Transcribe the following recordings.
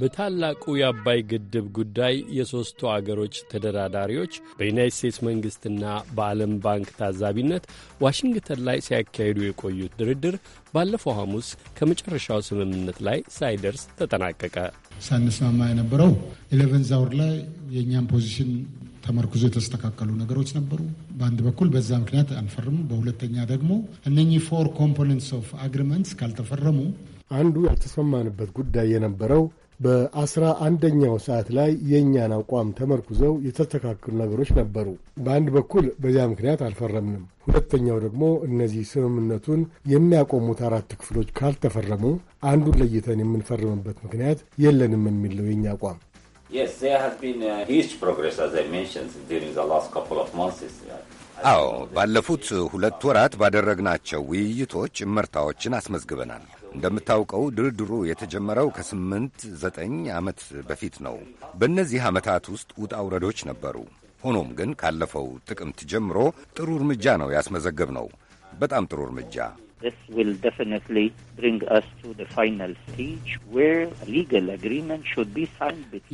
በታላቁ የአባይ ግድብ ጉዳይ የሦስቱ አገሮች ተደራዳሪዎች በዩናይት ስቴትስ መንግሥትና በዓለም ባንክ ታዛቢነት ዋሽንግተን ላይ ሲያካሂዱ የቆዩት ድርድር ባለፈው ሐሙስ ከመጨረሻው ስምምነት ላይ ሳይደርስ ተጠናቀቀ። ሳንስማማ የነበረው ኢሌቨን ዛውር ላይ የእኛም ፖዚሽን ተመርኩዞ የተስተካከሉ ነገሮች ነበሩ። በአንድ በኩል በዛ ምክንያት አንፈርምም፣ በሁለተኛ ደግሞ እነኚህ ፎር ኮምፖነንትስ ኦፍ አግሪመንትስ ካልተፈረሙ አንዱ ያልተስማማንበት ጉዳይ የነበረው በአስራ አንደኛው ሰዓት ላይ የእኛን አቋም ተመርኩዘው የተስተካከሉ ነገሮች ነበሩ። በአንድ በኩል በዚያ ምክንያት አልፈረምንም። ሁለተኛው ደግሞ እነዚህ ስምምነቱን የሚያቆሙት አራት ክፍሎች ካልተፈረሙ አንዱን ለይተን የምንፈርምበት ምክንያት የለንም የሚለው የእኛ አቋም። uh, አዎ ባለፉት ሁለት ወራት ባደረግናቸው ውይይቶች እመርታዎችን አስመዝግበናል። እንደምታውቀው ድርድሩ የተጀመረው ከስምንት ዘጠኝ ዓመት በፊት ነው። በእነዚህ ዓመታት ውስጥ ውጣ ውረዶች ነበሩ። ሆኖም ግን ካለፈው ጥቅምት ጀምሮ ጥሩ እርምጃ ነው ያስመዘገብ ነው። በጣም ጥሩ እርምጃ።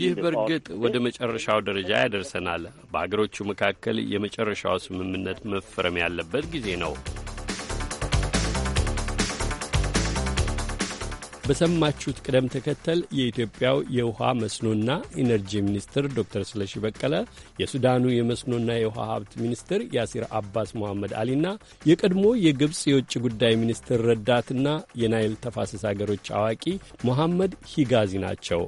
ይህ በእርግጥ ወደ መጨረሻው ደረጃ ያደርሰናል። በአገሮቹ መካከል የመጨረሻው ስምምነት መፈረም ያለበት ጊዜ ነው። በሰማችሁት ቅደም ተከተል የኢትዮጵያው የውሃ መስኖና ኢነርጂ ሚኒስትር ዶክተር ስለሺ በቀለ፣ የሱዳኑ የመስኖና የውሃ ሀብት ሚኒስትር ያሲር አባስ መሐመድ አሊና የቀድሞ የግብፅ የውጭ ጉዳይ ሚኒስትር ረዳትና የናይል ተፋሰስ አገሮች አዋቂ መሐመድ ሂጋዚ ናቸው።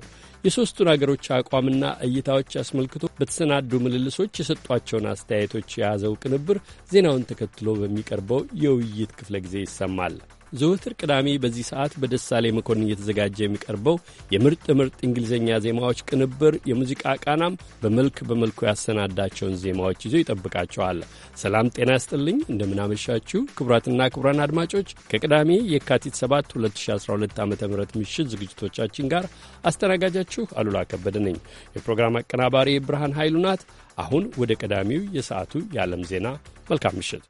የሦስቱን አገሮች አቋምና እይታዎች አስመልክቶ በተሰናዱ ምልልሶች የሰጧቸውን አስተያየቶች የያዘው ቅንብር ዜናውን ተከትሎ በሚቀርበው የውይይት ክፍለ ጊዜ ይሰማል። ዘወትር ቅዳሜ በዚህ ሰዓት በደሳሌ መኮንን እየተዘጋጀ የሚቀርበው የምርጥ ምርጥ እንግሊዝኛ ዜማዎች ቅንብር የሙዚቃ ቃናም በመልክ በመልኩ ያሰናዳቸውን ዜማዎች ይዞ ይጠብቃቸዋል። ሰላም ጤና ያስጥልኝ። እንደምናመሻችሁ ክቡራትና ክቡራን አድማጮች ከቅዳሜ የካቲት 7 2012 ዓ ም ምሽት ዝግጅቶቻችን ጋር አስተናጋጃችሁ አሉላ ከበደ ነኝ። የፕሮግራም አቀናባሪ ብርሃን ኃይሉ ናት። አሁን ወደ ቀዳሚው የሰዓቱ የዓለም ዜና። መልካም ምሽት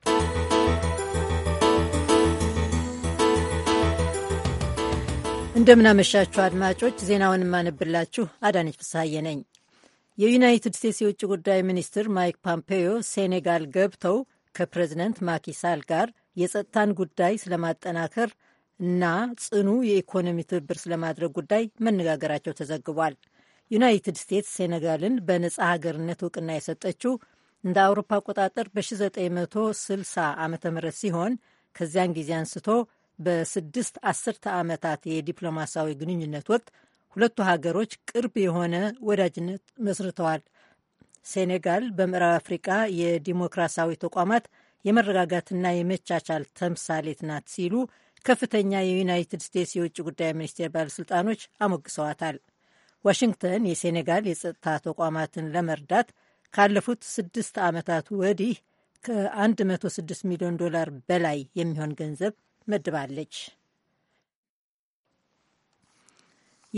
እንደምናመሻችሁ አድማጮች፣ ዜናውን የማነብላችሁ አዳነች ፍስሐዬ ነኝ። የዩናይትድ ስቴትስ የውጭ ጉዳይ ሚኒስትር ማይክ ፖምፔዮ ሴኔጋል ገብተው ከፕሬዚደንት ማኪሳል ጋር የጸጥታን ጉዳይ ስለማጠናከር እና ጽኑ የኢኮኖሚ ትብብር ስለማድረግ ጉዳይ መነጋገራቸው ተዘግቧል። ዩናይትድ ስቴትስ ሴኔጋልን በነጻ ሀገርነት እውቅና የሰጠችው እንደ አውሮፓ አቆጣጠር በ1960 ዓ ም ሲሆን ከዚያን ጊዜ አንስቶ በስድስት አስርተ ዓመታት የዲፕሎማሲያዊ ግንኙነት ወቅት ሁለቱ ሀገሮች ቅርብ የሆነ ወዳጅነት መስርተዋል። ሴኔጋል በምዕራብ አፍሪቃ የዲሞክራሲያዊ ተቋማት የመረጋጋትና የመቻቻል ተምሳሌት ናት ሲሉ ከፍተኛ የዩናይትድ ስቴትስ የውጭ ጉዳይ ሚኒስቴር ባለሥልጣኖች አሞግሰዋታል። ዋሽንግተን የሴኔጋል የጸጥታ ተቋማትን ለመርዳት ካለፉት ስድስት ዓመታት ወዲህ ከ106 ሚሊዮን ዶላር በላይ የሚሆን ገንዘብ መድባለች።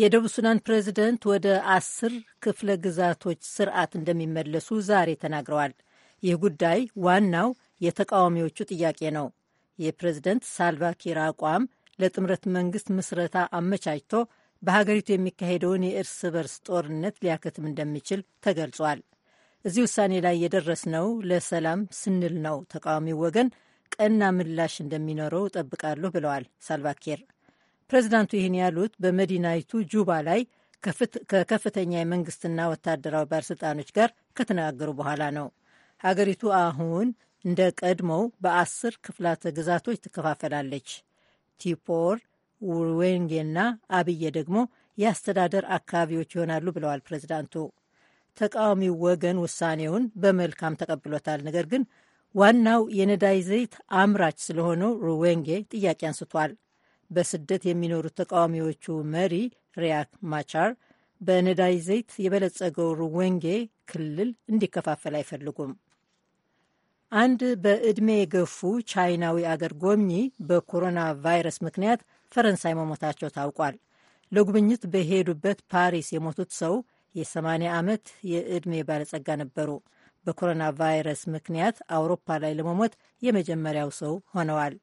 የደቡብ ሱዳን ፕሬዚደንት ወደ አስር ክፍለ ግዛቶች ስርዓት እንደሚመለሱ ዛሬ ተናግረዋል። ይህ ጉዳይ ዋናው የተቃዋሚዎቹ ጥያቄ ነው። የፕሬዝደንት ሳልቫኪር አቋም ለጥምረት መንግስት ምስረታ አመቻችቶ በሀገሪቱ የሚካሄደውን የእርስ በርስ ጦርነት ሊያከትም እንደሚችል ተገልጿል። እዚህ ውሳኔ ላይ የደረስነው ለሰላም ስንል ነው። ተቃዋሚው ወገን ቀና ምላሽ እንደሚኖረው እጠብቃለሁ ብለዋል ሳልቫኪር። ፕሬዚዳንቱ ይህን ያሉት በመዲናይቱ ጁባ ላይ ከከፍተኛ የመንግስትና ወታደራዊ ባለሥልጣኖች ጋር ከተነጋገሩ በኋላ ነው። ሀገሪቱ አሁን እንደ ቀድሞው በአስር ክፍላተ ግዛቶች ትከፋፈላለች። ቲፖር፣ ውዌንጌና አብዬ ደግሞ የአስተዳደር አካባቢዎች ይሆናሉ ብለዋል ፕሬዚዳንቱ። ተቃዋሚው ወገን ውሳኔውን በመልካም ተቀብሎታል። ነገር ግን ዋናው የነዳጅ ዘይት አምራች ስለሆነው ሩዌንጌ ጥያቄ አንስቷል። በስደት የሚኖሩት ተቃዋሚዎቹ መሪ ሪያክ ማቻር በነዳጅ ዘይት የበለጸገው ሩዌንጌ ክልል እንዲከፋፈል አይፈልጉም። አንድ በዕድሜ የገፉ ቻይናዊ አገር ጎብኚ በኮሮና ቫይረስ ምክንያት ፈረንሳይ መሞታቸው ታውቋል። ለጉብኝት በሄዱበት ፓሪስ የሞቱት ሰው የ80 ዓመት የዕድሜ ባለጸጋ ነበሩ። በኮሮና ቫይረስ ምክንያት አውሮፓ ላይ ለመሞት የመጀመሪያው ሰው ሆነዋል።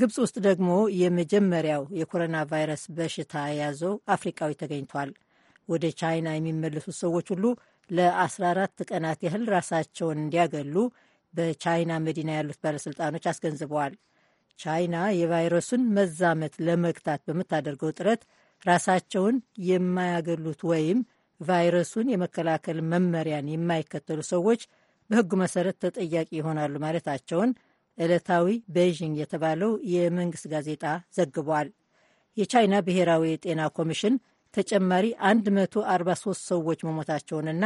ግብፅ ውስጥ ደግሞ የመጀመሪያው የኮሮና ቫይረስ በሽታ የያዘው አፍሪቃዊ ተገኝቷል። ወደ ቻይና የሚመለሱት ሰዎች ሁሉ ለ14 ቀናት ያህል ራሳቸውን እንዲያገሉ በቻይና መዲና ያሉት ባለሥልጣኖች አስገንዝበዋል። ቻይና የቫይረሱን መዛመት ለመግታት በምታደርገው ጥረት ራሳቸውን የማያገሉት ወይም ቫይረሱን የመከላከል መመሪያን የማይከተሉ ሰዎች በህጉ መሰረት ተጠያቂ ይሆናሉ ማለታቸውን ዕለታዊ ቤይዥንግ የተባለው የመንግሥት ጋዜጣ ዘግቧል። የቻይና ብሔራዊ የጤና ኮሚሽን ተጨማሪ 143 ሰዎች መሞታቸውንና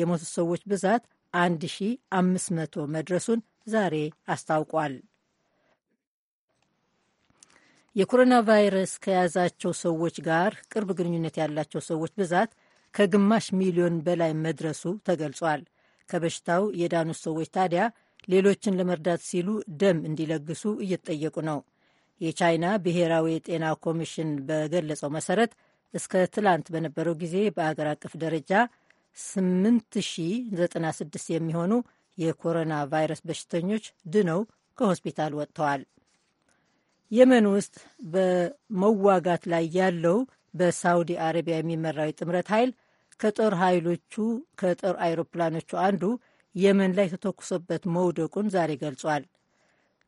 የሞቱ ሰዎች ብዛት 1500 መድረሱን ዛሬ አስታውቋል። የኮሮና ቫይረስ ከያዛቸው ሰዎች ጋር ቅርብ ግንኙነት ያላቸው ሰዎች ብዛት ከግማሽ ሚሊዮን በላይ መድረሱ ተገልጿል። ከበሽታው የዳኑት ሰዎች ታዲያ ሌሎችን ለመርዳት ሲሉ ደም እንዲለግሱ እየተጠየቁ ነው። የቻይና ብሔራዊ የጤና ኮሚሽን በገለጸው መሰረት እስከ ትላንት በነበረው ጊዜ በአገር አቀፍ ደረጃ 8096 የሚሆኑ የኮሮና ቫይረስ በሽተኞች ድነው ከሆስፒታል ወጥተዋል። የመን ውስጥ በመዋጋት ላይ ያለው በሳውዲ አረቢያ የሚመራው የጥምረት ኃይል ከጦር ኃይሎቹ ከጦር አይሮፕላኖቹ አንዱ የመን ላይ ተተኩሶበት መውደቁን ዛሬ ገልጿል።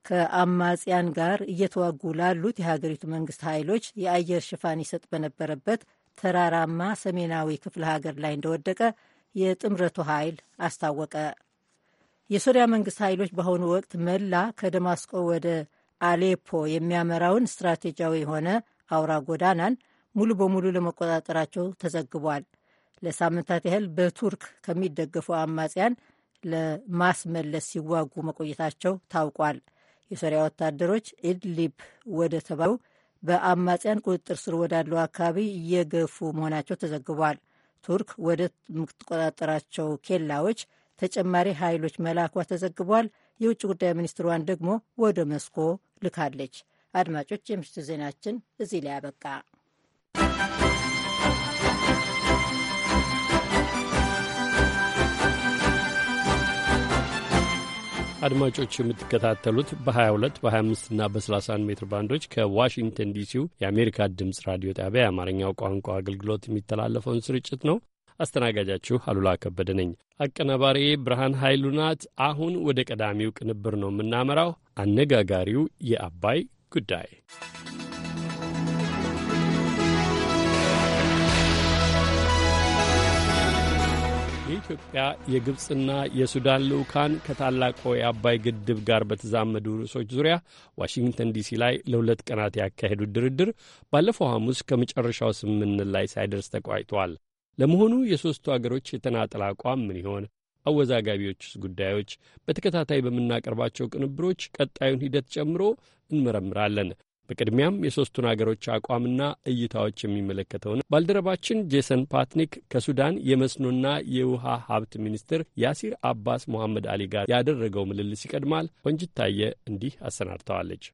ከአማጽያን ጋር እየተዋጉ ላሉት የሀገሪቱ መንግስት ኃይሎች የአየር ሽፋን ይሰጥ በነበረበት ተራራማ ሰሜናዊ ክፍለ ሀገር ላይ እንደወደቀ የጥምረቱ ኃይል አስታወቀ። የሶሪያ መንግስት ኃይሎች በአሁኑ ወቅት መላ ከደማስቆ ወደ አሌፖ የሚያመራውን ስትራቴጂያዊ የሆነ አውራ ጎዳናን ሙሉ በሙሉ ለመቆጣጠራቸው ተዘግቧል። ለሳምንታት ያህል በቱርክ ከሚደገፉ አማጽያን ለማስመለስ ሲዋጉ መቆየታቸው ታውቋል። የሶሪያ ወታደሮች ኢድሊብ ወደ ተባለው በአማጽያን ቁጥጥር ስር ወዳለው አካባቢ እየገፉ መሆናቸው ተዘግቧል። ቱርክ ወደ ምትቆጣጠራቸው ኬላዎች ተጨማሪ ኃይሎች መላኳ ተዘግቧል። የውጭ ጉዳይ ሚኒስትሯን ደግሞ ወደ መስኮ ልካለች። አድማጮች፣ የምሽቱ ዜናችን እዚህ ላይ አበቃ። አድማጮች የምትከታተሉት በ22 በ25 እና በ31 ሜትር ባንዶች ከዋሽንግተን ዲሲው የአሜሪካ ድምፅ ራዲዮ ጣቢያ የአማርኛው ቋንቋ አገልግሎት የሚተላለፈውን ስርጭት ነው። አስተናጋጃችሁ አሉላ ከበደ ነኝ። አቀናባሪ ብርሃን ኃይሉ ናት። አሁን ወደ ቀዳሚው ቅንብር ነው የምናመራው። አነጋጋሪው የአባይ ጉዳይ የኢትዮጵያ የግብፅና የሱዳን ልዑካን ከታላቁ የአባይ ግድብ ጋር በተዛመዱ ርዕሶች ዙሪያ ዋሽንግተን ዲሲ ላይ ለሁለት ቀናት ያካሄዱት ድርድር ባለፈው ሐሙስ ከመጨረሻው ስምምነት ላይ ሳይደርስ ተቋጭቷል። ለመሆኑ የሦስቱ አገሮች የተናጠል አቋም ምን ይሆን? አወዛጋቢዎችስ ጉዳዮች? በተከታታይ በምናቀርባቸው ቅንብሮች ቀጣዩን ሂደት ጨምሮ እንመረምራለን። በቅድሚያም የሦስቱን አገሮች አቋምና እይታዎች የሚመለከተውን ባልደረባችን ጄሰን ፓትኒክ ከሱዳን የመስኖና የውሃ ሀብት ሚኒስትር ያሲር አባስ መሐመድ አሊ ጋር ያደረገው ምልልስ ይቀድማል። ቆንጅታየ እንዲህ አሰናድተዋለች።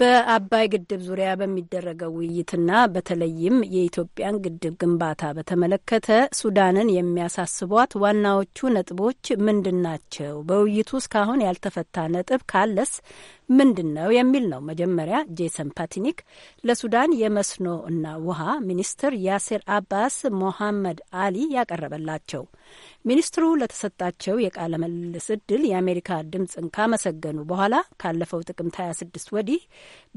በአባይ ግድብ ዙሪያ በሚደረገው ውይይትና በተለይም የኢትዮጵያን ግድብ ግንባታ በተመለከተ ሱዳንን የሚያሳስቧት ዋናዎቹ ነጥቦች ምንድን ናቸው? በውይይቱ እስካሁን ያልተፈታ ነጥብ ካለስ ምንድን ነው የሚል ነው። መጀመሪያ ጄሰን ፓትኒክ ለሱዳን የመስኖ እና ውሃ ሚኒስትር ያሴር አባስ ሞሐመድ አሊ ያቀረበላቸው። ሚኒስትሩ ለተሰጣቸው የቃለ ምልልስ እድል የአሜሪካ ድምፅን ካመሰገኑ በኋላ ካለፈው ጥቅምት 26 ወዲህ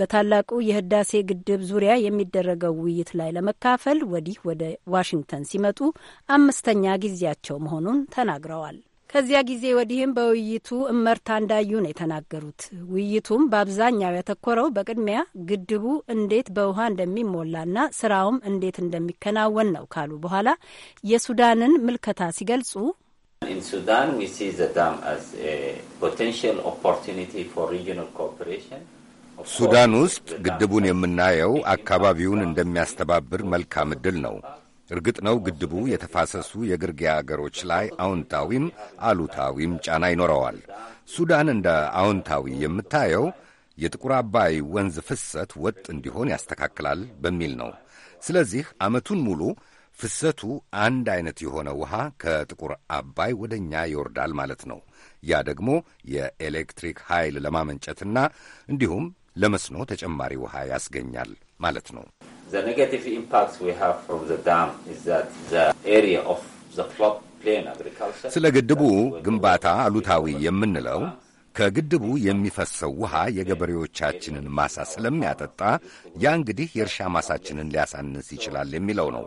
በታላቁ የህዳሴ ግድብ ዙሪያ የሚደረገው ውይይት ላይ ለመካፈል ወዲህ ወደ ዋሽንግተን ሲመጡ አምስተኛ ጊዜያቸው መሆኑን ተናግረዋል። ከዚያ ጊዜ ወዲህም በውይይቱ እመርታ እንዳዩ ነው የተናገሩት። ውይይቱም በአብዛኛው ያተኮረው በቅድሚያ ግድቡ እንዴት በውሃ እንደሚሞላና ስራውም እንዴት እንደሚከናወን ነው ካሉ በኋላ የሱዳንን ምልከታ ሲገልጹ ሱዳን ውስጥ ግድቡን የምናየው አካባቢውን እንደሚያስተባብር መልካም ዕድል ነው። እርግጥ ነው ግድቡ የተፋሰሱ የግርጌ አገሮች ላይ አዎንታዊም አሉታዊም ጫና ይኖረዋል። ሱዳን እንደ አዎንታዊ የምታየው የጥቁር አባይ ወንዝ ፍሰት ወጥ እንዲሆን ያስተካክላል በሚል ነው። ስለዚህ ዓመቱን ሙሉ ፍሰቱ አንድ አይነት የሆነ ውሃ ከጥቁር አባይ ወደ እኛ ይወርዳል ማለት ነው። ያ ደግሞ የኤሌክትሪክ ኃይል ለማመንጨትና እንዲሁም ለመስኖ ተጨማሪ ውሃ ያስገኛል ማለት ነው። The negative impacts we have from the dam is that the area of the plain agriculture ስለ ግድቡ ግንባታ አሉታዊ የምንለው ከግድቡ የሚፈሰው ውሃ የገበሬዎቻችንን ማሳ ስለሚያጠጣ ያ እንግዲህ የእርሻ ማሳችንን ሊያሳንስ ይችላል የሚለው ነው።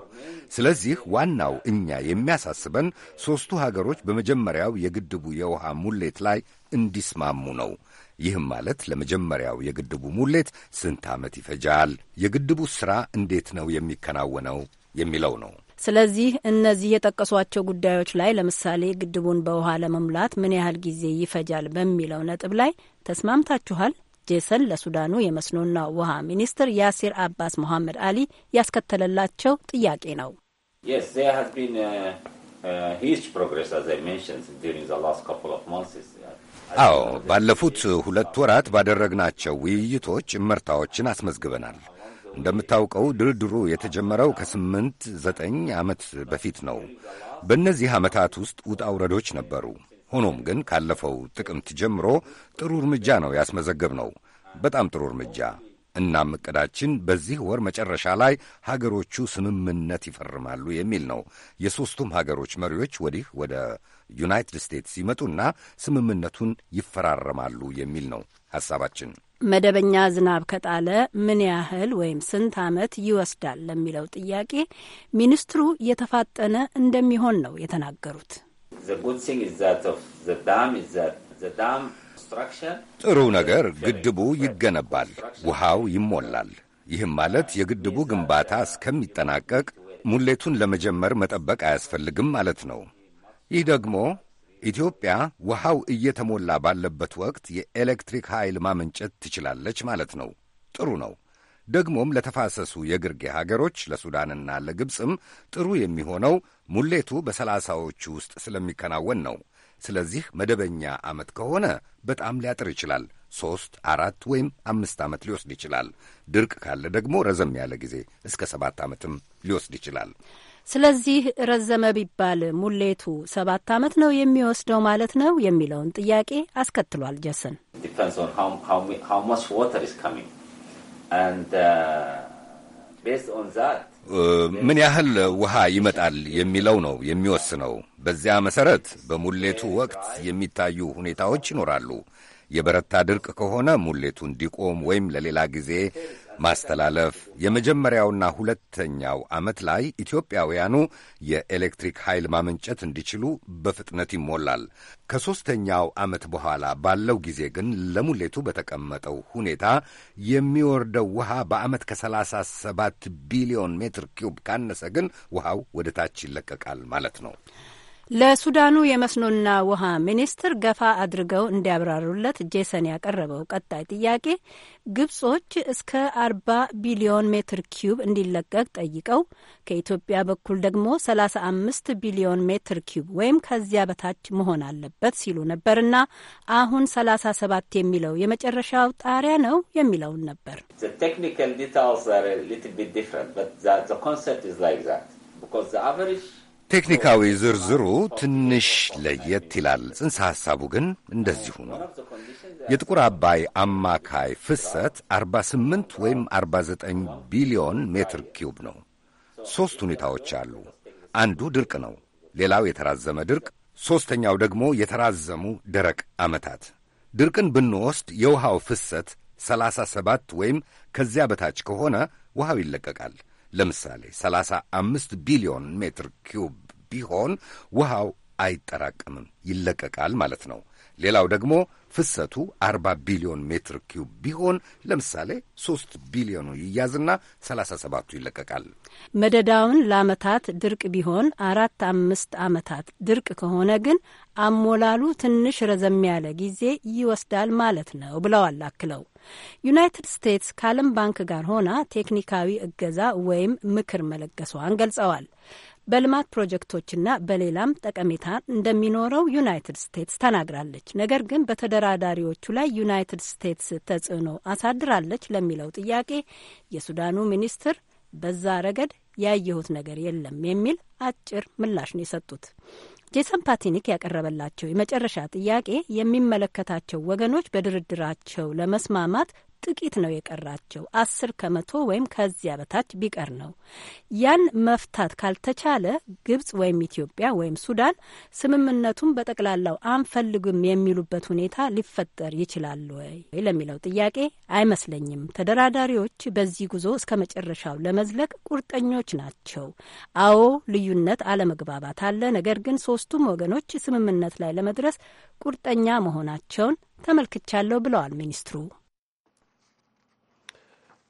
ስለዚህ ዋናው እኛ የሚያሳስበን ሦስቱ ሀገሮች በመጀመሪያው የግድቡ የውሃ ሙሌት ላይ እንዲስማሙ ነው። ይህም ማለት ለመጀመሪያው የግድቡ ሙሌት ስንት ዓመት ይፈጃል፣ የግድቡ ሥራ እንዴት ነው የሚከናወነው የሚለው ነው። ስለዚህ እነዚህ የጠቀሷቸው ጉዳዮች ላይ ለምሳሌ ግድቡን በውሃ ለመሙላት ምን ያህል ጊዜ ይፈጃል በሚለው ነጥብ ላይ ተስማምታችኋል? ጄሰን ለሱዳኑ የመስኖና ውሃ ሚኒስትር ያሲር አባስ መሐመድ አሊ ያስከተለላቸው ጥያቄ ነው። አዎ፣ ባለፉት ሁለት ወራት ባደረግናቸው ውይይቶች እመርታዎችን አስመዝግበናል። እንደምታውቀው ድርድሩ የተጀመረው ከስምንት ዘጠኝ ዓመት በፊት ነው። በእነዚህ ዓመታት ውስጥ ውጣ ውረዶች ነበሩ። ሆኖም ግን ካለፈው ጥቅምት ጀምሮ ጥሩ እርምጃ ነው ነው። በጣም ጥሩ እርምጃ እናም እቅዳችን በዚህ ወር መጨረሻ ላይ ሀገሮቹ ስምምነት ይፈርማሉ የሚል ነው። የሦስቱም ሀገሮች መሪዎች ወዲህ ወደ ዩናይትድ ስቴትስ ይመጡና ስምምነቱን ይፈራረማሉ የሚል ነው ሐሳባችን። መደበኛ ዝናብ ከጣለ ምን ያህል ወይም ስንት ዓመት ይወስዳል ለሚለው ጥያቄ ሚኒስትሩ የተፋጠነ እንደሚሆን ነው የተናገሩት። ጥሩ ነገር ግድቡ ይገነባል፣ ውሃው ይሞላል። ይህም ማለት የግድቡ ግንባታ እስከሚጠናቀቅ ሙሌቱን ለመጀመር መጠበቅ አያስፈልግም ማለት ነው። ይህ ደግሞ ኢትዮጵያ ውሃው እየተሞላ ባለበት ወቅት የኤሌክትሪክ ኃይል ማመንጨት ትችላለች ማለት ነው። ጥሩ ነው። ደግሞም ለተፋሰሱ የግርጌ ሀገሮች ለሱዳንና ለግብፅም ጥሩ የሚሆነው ሙሌቱ በሰላሳዎቹ ውስጥ ስለሚከናወን ነው። ስለዚህ መደበኛ ዓመት ከሆነ በጣም ሊያጥር ይችላል። ሦስት አራት ወይም አምስት ዓመት ሊወስድ ይችላል። ድርቅ ካለ ደግሞ ረዘም ያለ ጊዜ እስከ ሰባት ዓመትም ሊወስድ ይችላል። ስለዚህ ረዘመ ቢባል ሙሌቱ ሰባት ዓመት ነው የሚወስደው ማለት ነው የሚለውን ጥያቄ አስከትሏል። ጀሰን ምን ያህል ውሃ ይመጣል የሚለው ነው የሚወስነው። በዚያ መሰረት በሙሌቱ ወቅት የሚታዩ ሁኔታዎች ይኖራሉ። የበረታ ድርቅ ከሆነ ሙሌቱ እንዲቆም ወይም ለሌላ ጊዜ ማስተላለፍ የመጀመሪያውና ሁለተኛው ዓመት ላይ ኢትዮጵያውያኑ የኤሌክትሪክ ኃይል ማመንጨት እንዲችሉ በፍጥነት ይሞላል። ከሦስተኛው ዓመት በኋላ ባለው ጊዜ ግን ለሙሌቱ በተቀመጠው ሁኔታ የሚወርደው ውሃ በዓመት ከ37 ቢሊዮን ሜትር ኪዩብ ካነሰ ግን ውሃው ወደ ታች ይለቀቃል ማለት ነው። ለሱዳኑ የመስኖና ውሃ ሚኒስትር ገፋ አድርገው እንዲያብራሩለት ጄሰን ያቀረበው ቀጣይ ጥያቄ ግብጾች እስከ አርባ ቢሊዮን ሜትር ኪዩብ እንዲለቀቅ ጠይቀው ከኢትዮጵያ በኩል ደግሞ ሰላሳ አምስት ቢሊዮን ሜትር ኪዩብ ወይም ከዚያ በታች መሆን አለበት ሲሉ ነበርና አሁን ሰላሳ ሰባት የሚለው የመጨረሻው ጣሪያ ነው የሚለውን ነበር። ቴክኒካል ዲታይልስ አር ሊትል ቢት ዲፍረንት በት ዘ ኮንሰፕት ኢዝ ላይክ ዛት ቢኮዝ ዘ አቨሬጅ ቴክኒካዊ ዝርዝሩ ትንሽ ለየት ይላል። ጽንሰ ሐሳቡ ግን እንደዚሁ ነው። የጥቁር አባይ አማካይ ፍሰት 48 ወይም 49 ቢሊዮን ሜትር ኪዩብ ነው። ሦስት ሁኔታዎች አሉ። አንዱ ድርቅ ነው፣ ሌላው የተራዘመ ድርቅ፣ ሦስተኛው ደግሞ የተራዘሙ ደረቅ ዓመታት። ድርቅን ብንወስድ የውሃው ፍሰት 37 ወይም ከዚያ በታች ከሆነ ውሃው ይለቀቃል። ለምሳሌ 35 ቢሊዮን ሜትር ኪዩብ ቢሆን ውሃው አይጠራቀምም፣ ይለቀቃል ማለት ነው። ሌላው ደግሞ ፍሰቱ 40 ቢሊዮን ሜትር ኪዩብ ቢሆን ለምሳሌ 3 ቢሊዮኑ ይያዝና 37ቱ ይለቀቃል። መደዳውን ለአመታት ድርቅ ቢሆን አራት አምስት አመታት ድርቅ ከሆነ ግን አሞላሉ ትንሽ ረዘም ያለ ጊዜ ይወስዳል ማለት ነው ብለዋል። አክለው ዩናይትድ ስቴትስ ከዓለም ባንክ ጋር ሆና ቴክኒካዊ እገዛ ወይም ምክር መለገሷን ገልጸዋል። በልማት ፕሮጀክቶችና በሌላም ጠቀሜታ እንደሚኖረው ዩናይትድ ስቴትስ ተናግራለች። ነገር ግን በተደራዳሪዎቹ ላይ ዩናይትድ ስቴትስ ተጽዕኖ አሳድራለች ለሚለው ጥያቄ የሱዳኑ ሚኒስትር በዛ ረገድ ያየሁት ነገር የለም የሚል አጭር ምላሽ ነው የሰጡት። ጄሰን ፓቲኒክ ያቀረበላቸው የመጨረሻ ጥያቄ የሚመለከታቸው ወገኖች በድርድራቸው ለመስማማት ጥቂት ነው የቀራቸው። አስር ከመቶ ወይም ከዚያ በታች ቢቀር ነው። ያን መፍታት ካልተቻለ ግብጽ ወይም ኢትዮጵያ ወይም ሱዳን ስምምነቱን በጠቅላላው አንፈልግም የሚሉበት ሁኔታ ሊፈጠር ይችላል ወይ ለሚለው ጥያቄ አይመስለኝም። ተደራዳሪዎች በዚህ ጉዞ እስከ መጨረሻው ለመዝለቅ ቁርጠኞች ናቸው። አዎ ልዩነት፣ አለመግባባት አለ። ነገር ግን ሶስቱም ወገኖች ስምምነት ላይ ለመድረስ ቁርጠኛ መሆናቸውን ተመልክቻለሁ ብለዋል ሚኒስትሩ።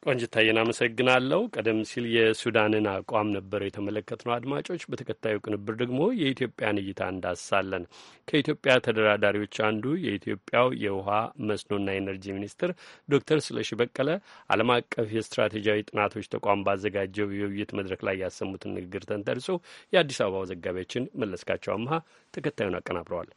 ቆንጅታዬን አመሰግናለሁ። ቀደም ሲል የሱዳንን አቋም ነበር የተመለከትነው አድማጮች። በተከታዩ ቅንብር ደግሞ የኢትዮጵያን እይታ እንዳስሳለን። ከኢትዮጵያ ተደራዳሪዎች አንዱ የኢትዮጵያው የውሃ መስኖና ኤነርጂ ሚኒስትር ዶክተር ስለሺ በቀለ ዓለም አቀፍ የስትራቴጂያዊ ጥናቶች ተቋም ባዘጋጀው የውይይት መድረክ ላይ ያሰሙትን ንግግር ተንተርሶ የአዲስ አበባው ዘጋቢያችን መለስካቸው አምሃ ተከታዩን አቀናብረዋል።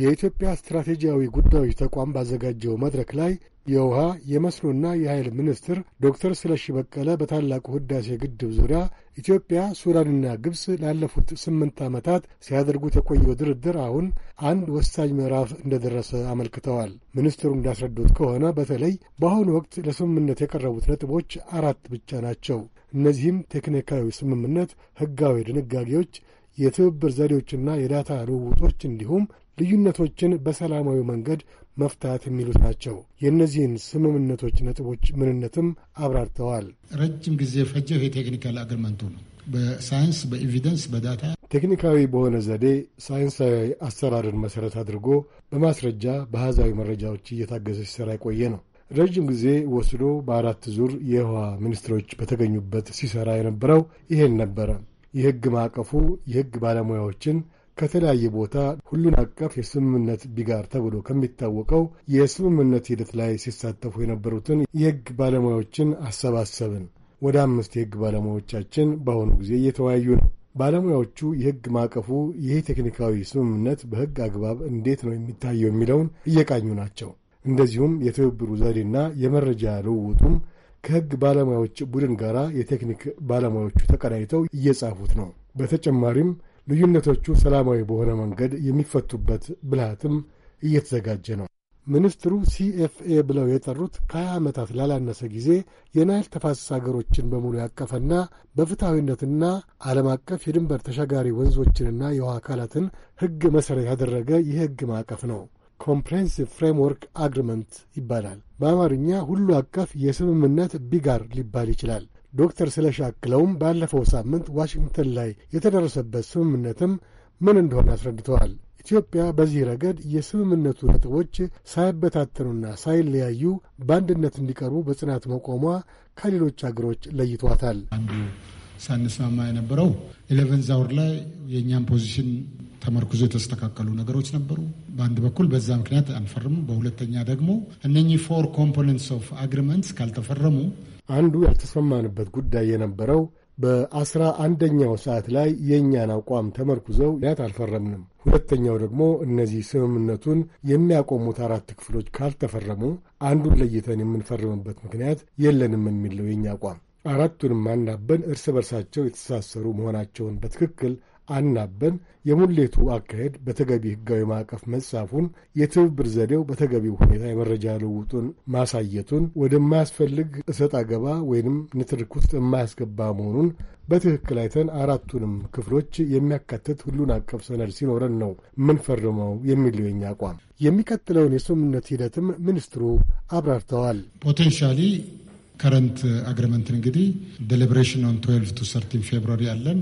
የኢትዮጵያ ስትራቴጂያዊ ጉዳዮች ተቋም ባዘጋጀው መድረክ ላይ የውሃ የመስኖና የኃይል ሚኒስትር ዶክተር ስለሺ በቀለ በታላቁ ህዳሴ ግድብ ዙሪያ ኢትዮጵያ፣ ሱዳንና ግብፅ ላለፉት ስምንት ዓመታት ሲያደርጉት የቆየው ድርድር አሁን አንድ ወሳኝ ምዕራፍ እንደደረሰ አመልክተዋል። ሚኒስትሩ እንዳስረዱት ከሆነ በተለይ በአሁኑ ወቅት ለስምምነት የቀረቡት ነጥቦች አራት ብቻ ናቸው። እነዚህም ቴክኒካዊ ስምምነት፣ ህጋዊ ድንጋጌዎች የትብብር ዘዴዎችና የዳታ ልውውጦች እንዲሁም ልዩነቶችን በሰላማዊ መንገድ መፍታት የሚሉት ናቸው። የእነዚህን ስምምነቶች ነጥቦች ምንነትም አብራርተዋል። ረጅም ጊዜ ፈጀው የቴክኒካል አግሪመንቱ ነው። በሳይንስ በኤቪደንስ በዳታ ቴክኒካዊ በሆነ ዘዴ ሳይንሳዊ አሰራርን መሠረት አድርጎ በማስረጃ በአሃዛዊ መረጃዎች እየታገዘ ሲሠራ የቆየ ነው። ረጅም ጊዜ ወስዶ በአራት ዙር የውሃ ሚኒስትሮች በተገኙበት ሲሠራ የነበረው ይሄን ነበረ። የሕግ ማዕቀፉ የሕግ ባለሙያዎችን ከተለያየ ቦታ ሁሉን አቀፍ የስምምነት ቢጋር ተብሎ ከሚታወቀው የስምምነት ሂደት ላይ ሲሳተፉ የነበሩትን የሕግ ባለሙያዎችን አሰባሰብን። ወደ አምስት የሕግ ባለሙያዎቻችን በአሁኑ ጊዜ እየተወያዩ ነው። ባለሙያዎቹ የሕግ ማዕቀፉ ይህ ቴክኒካዊ ስምምነት በሕግ አግባብ እንዴት ነው የሚታየው የሚለውን እየቃኙ ናቸው። እንደዚሁም የትብብሩ ዘዴና የመረጃ ልውውጡም ከሕግ ባለሙያዎች ቡድን ጋር የቴክኒክ ባለሙያዎቹ ተቀናይተው እየጻፉት ነው። በተጨማሪም ልዩነቶቹ ሰላማዊ በሆነ መንገድ የሚፈቱበት ብልሃትም እየተዘጋጀ ነው። ሚኒስትሩ ሲኤፍኤ ብለው የጠሩት ከ2 ዓመታት ላላነሰ ጊዜ የናይል ተፋሰስ አገሮችን በሙሉ ያቀፈና በፍትሐዊነትና ዓለም አቀፍ የድንበር ተሻጋሪ ወንዞችንና የውሃ አካላትን ሕግ መሠረት ያደረገ የሕግ ማዕቀፍ ነው። ኮምፕሬንሲቭ ፍሬምወርክ አግሪመንት ይባላል። በአማርኛ ሁሉ አቀፍ የስምምነት ቢጋር ሊባል ይችላል። ዶክተር ስለሻክለውም ባለፈው ሳምንት ዋሽንግተን ላይ የተደረሰበት ስምምነትም ምን እንደሆነ አስረድተዋል። ኢትዮጵያ በዚህ ረገድ የስምምነቱ ነጥቦች ሳይበታተኑና ሳይለያዩ በአንድነት እንዲቀርቡ በጽናት መቆሟ ከሌሎች አገሮች ለይቷታል። አንዱ ሳንስማማ የነበረው ኢሌቨን ዛውር ላይ የእኛም ፖዚሽን ተመርኩዞ የተስተካከሉ ነገሮች ነበሩ። በአንድ በኩል በዛ ምክንያት አንፈርምም። በሁለተኛ ደግሞ እነኚህ ፎር ኮምፖነንትስ ኦፍ አግሪመንትስ ካልተፈረሙ አንዱ ያልተስማማንበት ጉዳይ የነበረው በአስራ አንደኛው ሰዓት ላይ የእኛን አቋም ተመርኩዘው ያት አልፈረምንም። ሁለተኛው ደግሞ እነዚህ ስምምነቱን የሚያቆሙት አራት ክፍሎች ካልተፈረሙ አንዱን ለይተን የምንፈርምበት ምክንያት የለንም የሚለው የእኛ አቋም አራቱንም አናበን እርስ በርሳቸው የተሳሰሩ መሆናቸውን በትክክል አናበን የሙሌቱ አካሄድ በተገቢ ህጋዊ ማዕቀፍ መጻፉን፣ የትብብር ዘዴው በተገቢው ሁኔታ የመረጃ ልውጡን ማሳየቱን፣ ወደማያስፈልግ እሰጥ አገባ ወይንም ንትርክ ውስጥ የማያስገባ መሆኑን በትክክል አይተን አራቱንም ክፍሎች የሚያካትት ሁሉን አቀፍ ሰነድ ሲኖረን ነው ምንፈርመው የሚለው የኛ አቋም። የሚቀጥለውን የስምምነት ሂደትም ሚኒስትሩ አብራርተዋል። ፖቴንሻሊ ከረንት አግሪመንት እንግዲህ ዴሊብሬሽን ኦን ትዌልቭ ቱ ሰርቲን ፌብሩዋሪ አለን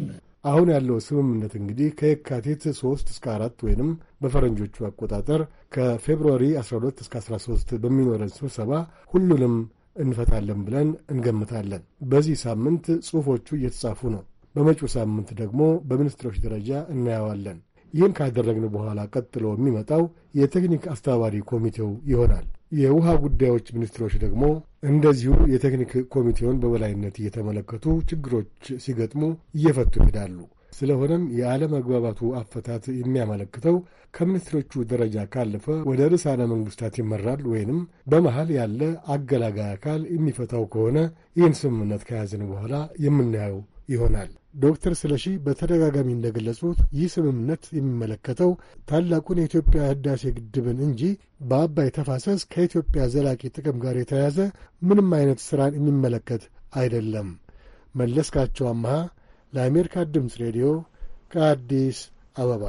አሁን ያለው ስምምነት እንግዲህ ከየካቲት 3 እስከ 4 ወይንም በፈረንጆቹ አቆጣጠር ከፌብሩዋሪ 12 እስከ 13 በሚኖረን ስብሰባ ሁሉንም እንፈታለን ብለን እንገምታለን። በዚህ ሳምንት ጽሑፎቹ እየተጻፉ ነው። በመጪው ሳምንት ደግሞ በሚኒስትሮች ደረጃ እናየዋለን። ይህን ካደረግን በኋላ ቀጥሎ የሚመጣው የቴክኒክ አስተባባሪ ኮሚቴው ይሆናል። የውሃ ጉዳዮች ሚኒስትሮች ደግሞ እንደዚሁ የቴክኒክ ኮሚቴውን በበላይነት እየተመለከቱ ችግሮች ሲገጥሙ እየፈቱ ይሄዳሉ። ስለሆነም የአለመግባባቱ አፈታት የሚያመለክተው ከሚኒስትሮቹ ደረጃ ካለፈ ወደ ርዕሳነ መንግስታት ይመራል ወይንም በመሃል ያለ አገላጋይ አካል የሚፈታው ከሆነ ይህን ስምምነት ከያዝን በኋላ የምናየው ይሆናል። ዶክተር ስለሺ በተደጋጋሚ እንደገለጹት ይህ ስምምነት የሚመለከተው ታላቁን የኢትዮጵያ ህዳሴ ግድብን እንጂ በአባይ ተፋሰስ ከኢትዮጵያ ዘላቂ ጥቅም ጋር የተያያዘ ምንም አይነት ሥራን የሚመለከት አይደለም። መለስካቸው አመሃ ለአሜሪካ ድምፅ ሬዲዮ ከአዲስ አበባ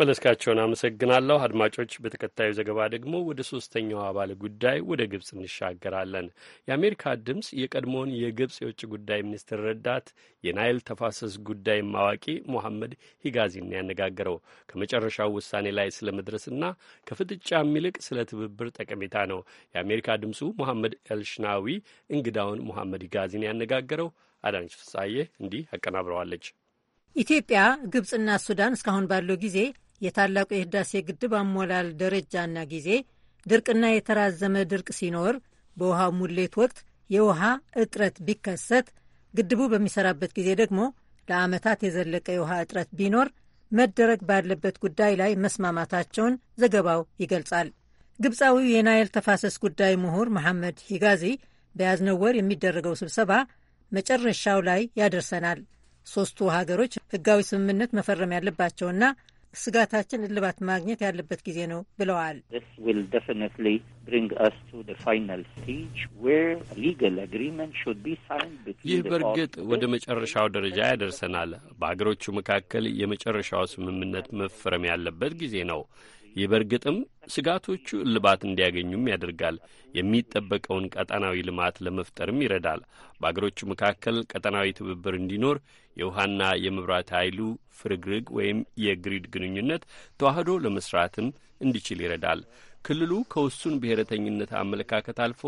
መለስካቸውን አመሰግናለሁ። አድማጮች፣ በተከታዩ ዘገባ ደግሞ ወደ ሶስተኛው አባል ጉዳይ ወደ ግብፅ እንሻገራለን። የአሜሪካ ድምፅ የቀድሞውን የግብፅ የውጭ ጉዳይ ሚኒስትር ረዳት የናይል ተፋሰስ ጉዳይ ማዋቂ ሞሐመድ ሂጋዚን ያነጋገረው ከመጨረሻው ውሳኔ ላይ ስለ መድረስና ከፍጥጫም ይልቅ ስለ ትብብር ጠቀሜታ ነው። የአሜሪካ ድምፁ ሞሐመድ ኤልሽናዊ እንግዳውን ሞሐመድ ሂጋዚን ያነጋገረው አዳነች ፍሳዬ እንዲህ አቀናብረዋለች። ኢትዮጵያ፣ ግብፅና ሱዳን እስካሁን ባለው ጊዜ የታላቁ የህዳሴ ግድብ አሞላል ደረጃና ጊዜ፣ ድርቅና የተራዘመ ድርቅ ሲኖር፣ በውሃ ሙሌት ወቅት የውሃ እጥረት ቢከሰት፣ ግድቡ በሚሰራበት ጊዜ ደግሞ ለዓመታት የዘለቀ የውሃ እጥረት ቢኖር መደረግ ባለበት ጉዳይ ላይ መስማማታቸውን ዘገባው ይገልጻል። ግብፃዊው የናይል ተፋሰስ ጉዳይ ምሁር መሐመድ ሂጋዚ በያዝነው ወር የሚደረገው ስብሰባ መጨረሻው ላይ ያደርሰናል ሶስቱ ሀገሮች ህጋዊ ስምምነት መፈረም ያለባቸውና ስጋታችን እልባት ማግኘት ያለበት ጊዜ ነው ብለዋል። ይህ በእርግጥ ወደ መጨረሻው ደረጃ ያደርሰናል። በሀገሮቹ መካከል የመጨረሻው ስምምነት መፈረም ያለበት ጊዜ ነው። ይህ በእርግጥም ስጋቶቹ እልባት እንዲያገኙም ያደርጋል። የሚጠበቀውን ቀጠናዊ ልማት ለመፍጠርም ይረዳል። በአገሮቹ መካከል ቀጠናዊ ትብብር እንዲኖር የውሃና የመብራት ኃይሉ ፍርግርግ ወይም የግሪድ ግንኙነት ተዋህዶ ለመስራትም እንዲችል ይረዳል። ክልሉ ከውሱን ብሔረተኝነት አመለካከት አልፎ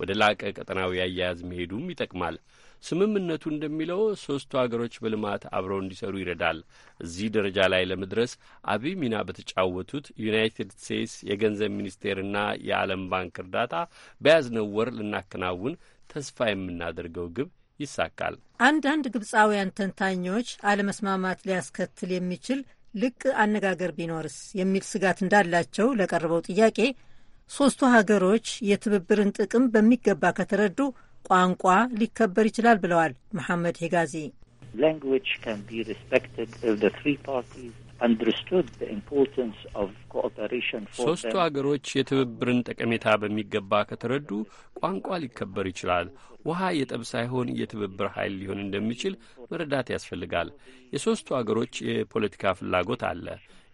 ወደ ላቀ ቀጠናዊ አያያዝ መሄዱም ይጠቅማል። ስምምነቱ እንደሚለው ሶስቱ ሀገሮች በልማት አብረው እንዲሰሩ ይረዳል። እዚህ ደረጃ ላይ ለመድረስ አብይ ሚና በተጫወቱት ዩናይትድ ስቴትስ የገንዘብ ሚኒስቴርና የዓለም ባንክ እርዳታ በያዝነው ወር ልናከናውን ተስፋ የምናደርገው ግብ ይሳካል። አንዳንድ ግብፃውያን ተንታኞች አለመስማማት ሊያስከትል የሚችል ልቅ አነጋገር ቢኖርስ የሚል ስጋት እንዳላቸው ለቀረበው ጥያቄ ሶስቱ ሀገሮች የትብብርን ጥቅም በሚገባ ከተረዱ ቋንቋ ሊከበር ይችላል ብለዋል መሐመድ ሄጋዚ። ሶስቱ አገሮች የትብብርን ጠቀሜታ በሚገባ ከተረዱ ቋንቋ ሊከበር ይችላል። ውሃ የጠብ ሳይሆን የትብብር ኃይል ሊሆን እንደሚችል መረዳት ያስፈልጋል። የሦስቱ አገሮች የፖለቲካ ፍላጎት አለ።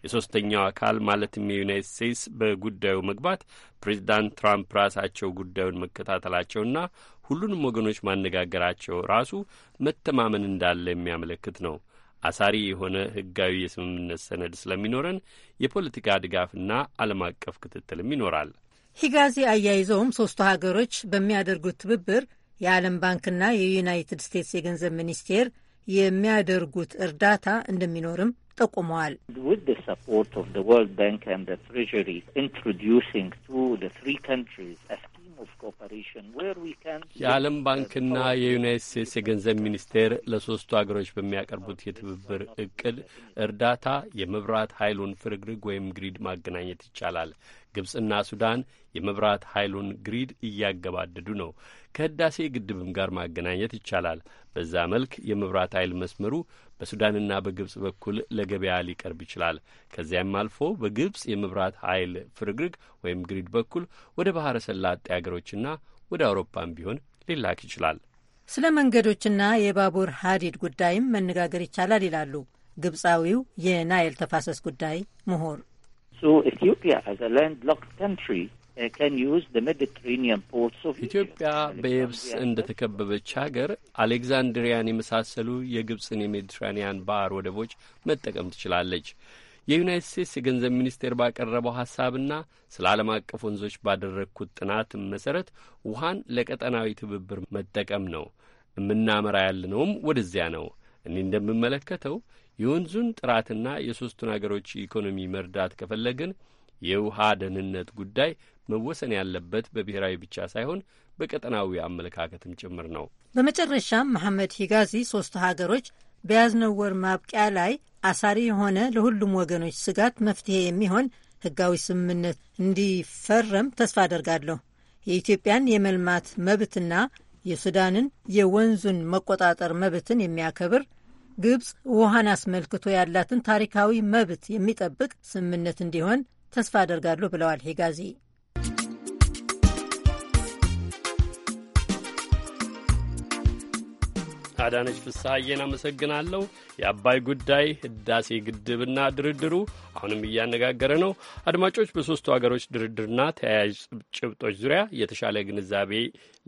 የሦስተኛው አካል ማለትም የዩናይት ስቴትስ በጉዳዩ መግባት ፕሬዚዳንት ትራምፕ ራሳቸው ጉዳዩን መከታተላቸውና ሁሉንም ወገኖች ማነጋገራቸው ራሱ መተማመን እንዳለ የሚያመለክት ነው። አሳሪ የሆነ ሕጋዊ የስምምነት ሰነድ ስለሚኖረን የፖለቲካ ድጋፍና ዓለም አቀፍ ክትትልም ይኖራል። ሂጋዚ አያይዘውም ሶስቱ ሀገሮች በሚያደርጉት ትብብር የዓለም ባንክና የዩናይትድ ስቴትስ የገንዘብ ሚኒስቴር የሚያደርጉት እርዳታ እንደሚኖርም ጠቁመዋል። የዓለም ባንክና የዩናይት ስቴትስ የገንዘብ ሚኒስቴር ለሶስቱ ሀገሮች በሚያቀርቡት የትብብር እቅድ እርዳታ የመብራት ኃይሉን ፍርግርግ ወይም ግሪድ ማገናኘት ይቻላል። ግብጽና ሱዳን የመብራት ኃይሉን ግሪድ እያገባደዱ ነው። ከህዳሴ ግድብም ጋር ማገናኘት ይቻላል። በዛ መልክ የመብራት ኃይል መስመሩ በሱዳንና በግብጽ በኩል ለገበያ ሊቀርብ ይችላል። ከዚያም አልፎ በግብጽ የመብራት ኃይል ፍርግርግ ወይም ግሪድ በኩል ወደ ባህረ ሰላጤ አገሮችና ወደ አውሮፓም ቢሆን ሊላክ ይችላል። ስለ መንገዶችና የባቡር ሀዲድ ጉዳይም መነጋገር ይቻላል ይላሉ ግብፃዊው የናይል ተፋሰስ ጉዳይ ምሁር። Uh, ኢትዮጵያ በየብስ እንደተከበበች ሀገር አሌግዛንድሪያን የመሳሰሉ የግብፅን የሜዲትራኒያን ባህር ወደቦች መጠቀም ትችላለች። የዩናይት ስቴትስ የገንዘብ ሚኒስቴር ባቀረበው ሀሳብና ስለ ዓለም አቀፍ ወንዞች ባደረግኩት ጥናት መሰረት ውሃን ለቀጠናዊ ትብብር መጠቀም ነው። የምናመራ ያለነውም ወደዚያ ነው። እኔ እንደምመለከተው የወንዙን ጥራትና የሦስቱን አገሮች ኢኮኖሚ መርዳት ከፈለግን የውሃ ደህንነት ጉዳይ መወሰን ያለበት በብሔራዊ ብቻ ሳይሆን በቀጠናዊ አመለካከትም ጭምር ነው። በመጨረሻም መሐመድ ሂጋዚ ሶስቱ ሀገሮች በያዝነው ወር ማብቂያ ላይ አሳሪ የሆነ ለሁሉም ወገኖች ስጋት መፍትሄ የሚሆን ህጋዊ ስምምነት እንዲፈረም ተስፋ አደርጋለሁ። የኢትዮጵያን የመልማት መብትና የሱዳንን የወንዙን መቆጣጠር መብትን የሚያከብር ግብፅ ውሃን አስመልክቶ ያላትን ታሪካዊ መብት የሚጠብቅ ስምምነት እንዲሆን ተስፋ አደርጋለሁ ብለዋል ሄጋዚ። አዳነች ፍስሐዬን አመሰግናለሁ። የአባይ ጉዳይ ህዳሴ ግድብና ድርድሩ አሁንም እያነጋገረ ነው። አድማጮች፣ በሦስቱ ሀገሮች ድርድርና ተያያዥ ጭብጦች ዙሪያ የተሻለ ግንዛቤ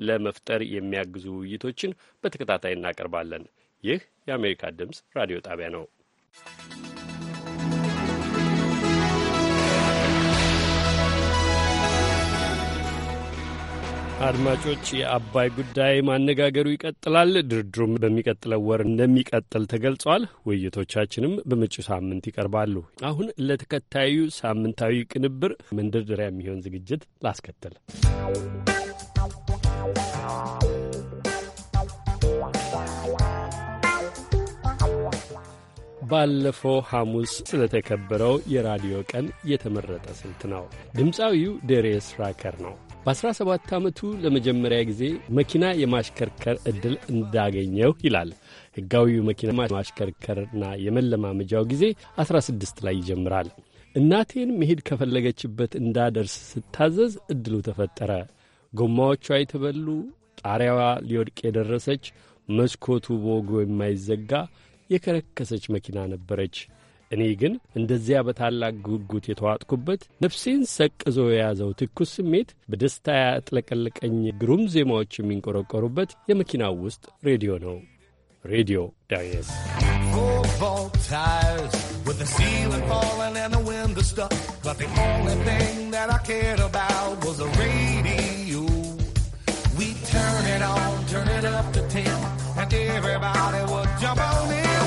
ለመፍጠር የሚያግዙ ውይይቶችን በተከታታይ እናቀርባለን። ይህ የአሜሪካ ድምፅ ራዲዮ ጣቢያ ነው። አድማጮች የአባይ ጉዳይ ማነጋገሩ ይቀጥላል። ድርድሩም በሚቀጥለው ወር እንደሚቀጥል ተገልጿል። ውይይቶቻችንም በመጪው ሳምንት ይቀርባሉ። አሁን ለተከታዩ ሳምንታዊ ቅንብር መንደርደሪያ የሚሆን ዝግጅት ላስከትል። ባለፈው ሐሙስ ስለተከበረው የራዲዮ ቀን የተመረጠ ስልት ነው። ድምፃዊው ዴሬስ ራከር ነው። በ17 ዓመቱ ለመጀመሪያ ጊዜ መኪና የማሽከርከር ዕድል እንዳገኘው ይላል። ሕጋዊው መኪና ማሽከርከርና የመለማመጃው ጊዜ 16 ላይ ይጀምራል። እናቴን መሄድ ከፈለገችበት እንዳደርስ ስታዘዝ ዕድሉ ተፈጠረ። ጎማዎቿ የተበሉ፣ ጣሪያዋ ሊወድቅ የደረሰች፣ መስኮቱ በወጉ የማይዘጋ የከረከሰች መኪና ነበረች። እኔ ግን እንደዚያ በታላቅ ጉጉት የተዋጥኩበት ነፍሴን ሰቅዞ የያዘው ትኩስ ስሜት በደስታ ያጥለቀለቀኝ ግሩም ዜማዎች የሚንቆረቆሩበት የመኪናው ውስጥ ሬዲዮ ነው። ሬዲዮ ዳዊት With the ceiling falling and the window stuck, but the only thing that I cared about was the radio. We turn it on, turn it up to ten, and everybody would jump on it.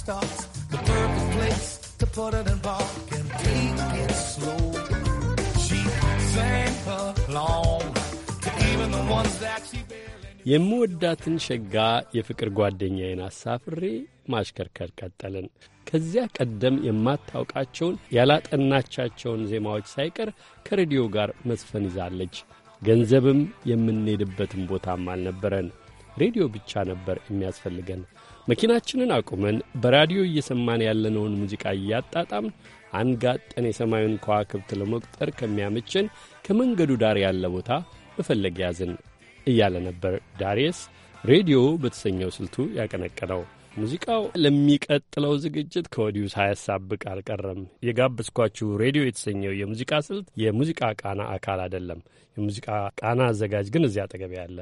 starts, the perfect place to put it in bark and take it slow. She sang along to even the ones that she barely. የምወዳትን ሸጋ የፍቅር ጓደኛዬን አሳፍሬ ማሽከርከር ቀጠልን። ከዚያ ቀደም የማታውቃቸውን ያላጠናቻቸውን ዜማዎች ሳይቀር ከሬዲዮ ጋር መስፈን ይዛለች። ገንዘብም የምንሄድበትን ቦታም አልነበረን። ሬዲዮ ብቻ ነበር የሚያስፈልገን። መኪናችንን አቁመን በራዲዮ እየሰማን ያለነውን ሙዚቃ እያጣጣም አንጋጠን የሰማዩን ከዋክብት ለመቁጠር ከሚያመችን ከመንገዱ ዳር ያለ ቦታ መፈለግ ያዝን እያለ ነበር ዳሬስ ሬዲዮ በተሰኘው ስልቱ ያቀነቀነው። ሙዚቃው ለሚቀጥለው ዝግጅት ከወዲሁ ሳያሳብቅ አልቀረም። የጋበዝኳችሁ ሬዲዮ የተሰኘው የሙዚቃ ስልት የሙዚቃ ቃና አካል አይደለም። የሙዚቃ ቃና አዘጋጅ ግን እዚያ አጠገቤ ያለ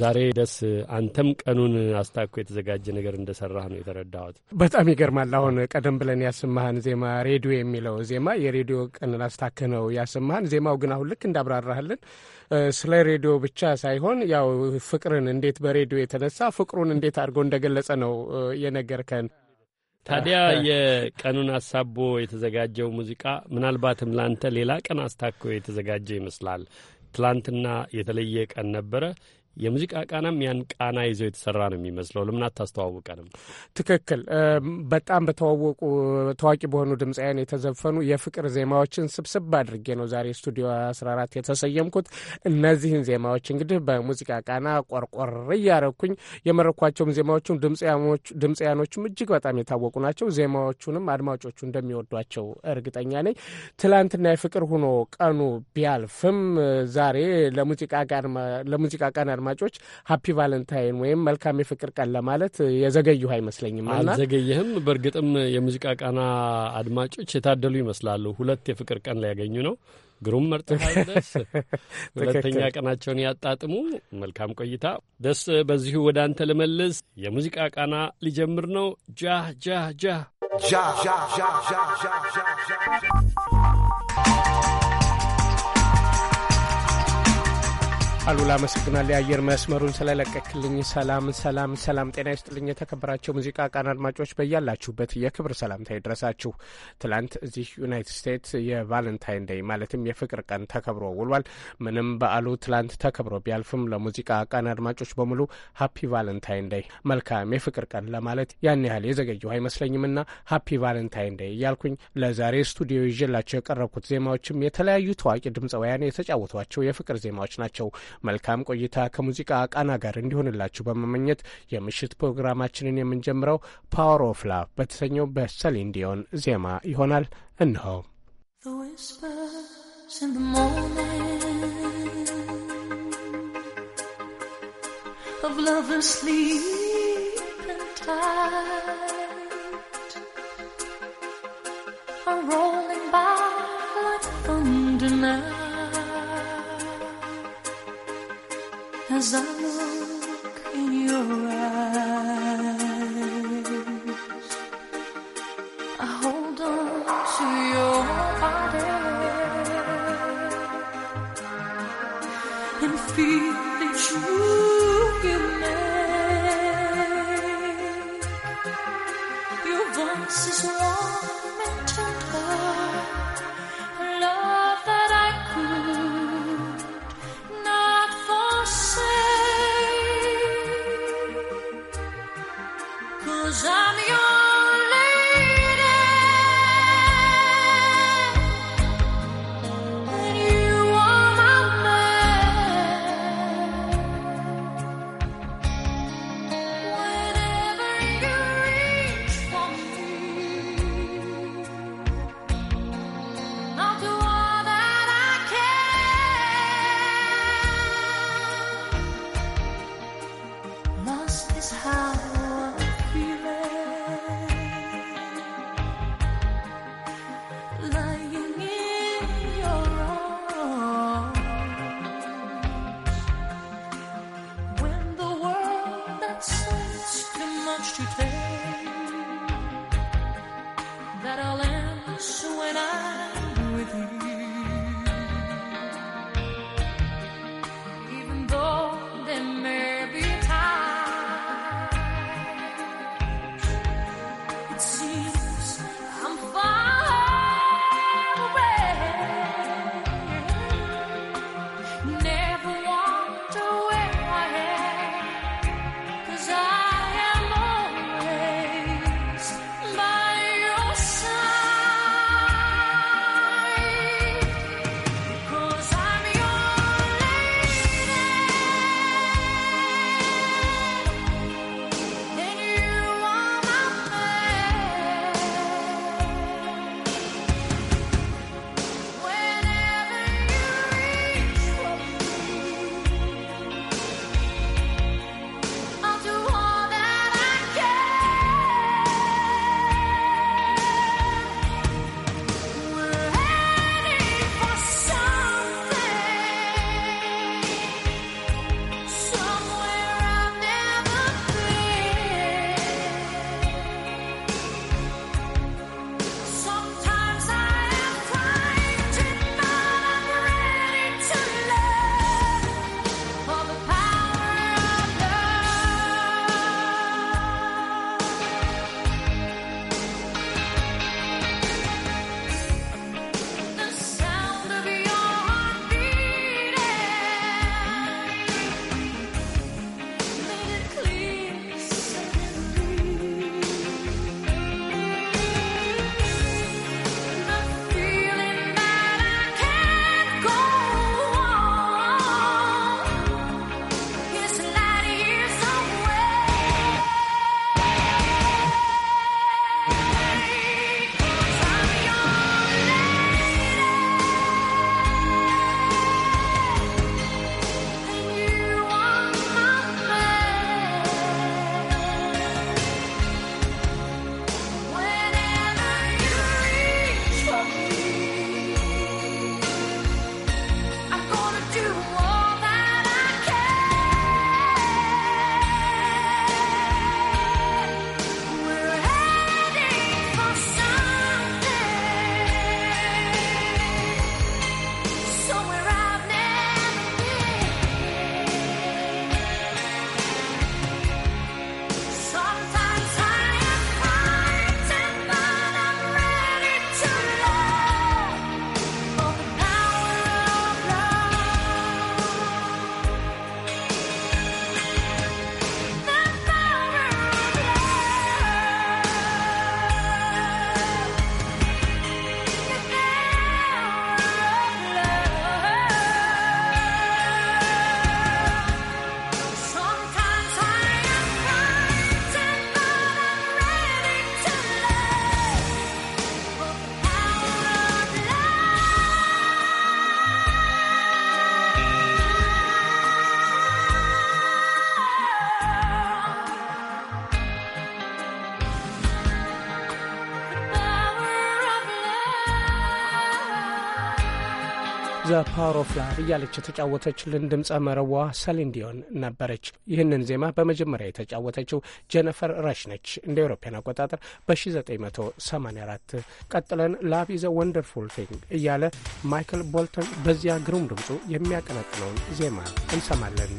ዛሬ ደስ አንተም ቀኑን አስታኮ የተዘጋጀ ነገር እንደሰራህ ነው የተረዳሁት። በጣም ይገርማል። አሁን ቀደም ብለን ያሰማህን ዜማ ሬዲዮ የሚለው ዜማ የሬዲዮ ቀንን አስታክ ነው ያሰማህን። ዜማው ግን አሁን ልክ እንዳብራራህልን ስለ ሬዲዮ ብቻ ሳይሆን ያው ፍቅርን እንዴት በሬዲዮ የተነሳ ፍቅሩን እንዴት አድርጎ እንደገለጸ ነው የነገርከን። ታዲያ የቀኑን አሳቦ የተዘጋጀው ሙዚቃ ምናልባትም ለአንተ ሌላ ቀን አስታኮ የተዘጋጀ ይመስላል። ትላንትና የተለየ ቀን ነበረ። የሙዚቃ ቃናም ያን ቃና ይዘው የተሰራ ነው የሚመስለው። ለምን አታስተዋውቀንም? ትክክል። በጣም በተዋወቁ ታዋቂ በሆኑ ድምፃያን የተዘፈኑ የፍቅር ዜማዎችን ስብስብ አድርጌ ነው ዛሬ ስቱዲዮ 14 የተሰየምኩት። እነዚህን ዜማዎች እንግዲህ በሙዚቃ ቃና ቆርቆር እያረኩኝ የመረኳቸውም ዜማዎቹም ድምፃያኖቹም እጅግ በጣም የታወቁ ናቸው። ዜማዎቹንም አድማጮቹ እንደሚወዷቸው እርግጠኛ ነኝ። ትላንትና የፍቅር ሆኖ ቀኑ ቢያልፍም ዛሬ ለሙዚቃ ቃና አድማጮች ሀፒ ቫለንታይን ወይም መልካም የፍቅር ቀን ለማለት የዘገየሁ አይመስለኝም። አልዘገየህም። በእርግጥም የሙዚቃ ቃና አድማጮች የታደሉ ይመስላሉ። ሁለት የፍቅር ቀን ላያገኙ ነው። ግሩም መርጠሃል። ደስ ሁለተኛ ቀናቸውን ያጣጥሙ። መልካም ቆይታ። ደስ በዚሁ ወደ አንተ ልመልስ። የሙዚቃ ቃና ሊጀምር ነው። ጃ ጃ ጃ አሉላ አመሰግናል። የአየር መስመሩን ስለለቀክልኝ። ሰላም ሰላም ሰላም፣ ጤና ይስጥልኝ። የተከበራቸው ሙዚቃ ቃና አድማጮች በያላችሁበት የክብር ሰላምታ ይድረሳችሁ። ትላንት እዚህ ዩናይትድ ስቴትስ የቫለንታይን ዴይ ማለትም የፍቅር ቀን ተከብሮ ውሏል። ምንም በዓሉ ትላንት ተከብሮ ቢያልፍም ለሙዚቃ ቃና አድማጮች በሙሉ ሀፒ ቫለንታይን ዴይ፣ መልካም የፍቅር ቀን ለማለት ያን ያህል የዘገየሁ አይመስለኝምና ሀፒ ቫለንታይን ዴይ እያልኩኝ ለዛሬ ስቱዲዮ ይዤላቸው የቀረብኩት ዜማዎችም የተለያዩ ታዋቂ ድምፃውያን የተጫወቷቸው የፍቅር ዜማዎች ናቸው። መልካም ቆይታ ከሙዚቃ ቃና ጋር እንዲሆንላችሁ በመመኘት የምሽት ፕሮግራማችንን የምንጀምረው ፓወር ኦፍ ላቭ በተሰኘው በሰሊን ዲዮን ዜማ ይሆናል። እንሆ of love asleep and tight are rolling by like thunder now. As I look in your eyes ዘ ፓወር ኦፍ ላቭ እያለች የተጫወተችልን ድምፀ መረዋ ሰሊን ዲዮን ነበረች። ይህንን ዜማ በመጀመሪያ የተጫወተችው ጀነፈር ረሽ ነች እንደ ኤሮፓያን አቆጣጠር በ1984። ቀጥለን ላቭ ኢዘ ወንደርፉል ቲንግ እያለ ማይክል ቦልተን በዚያ ግሩም ድምፁ የሚያቀነቅነውን ዜማ እንሰማለን።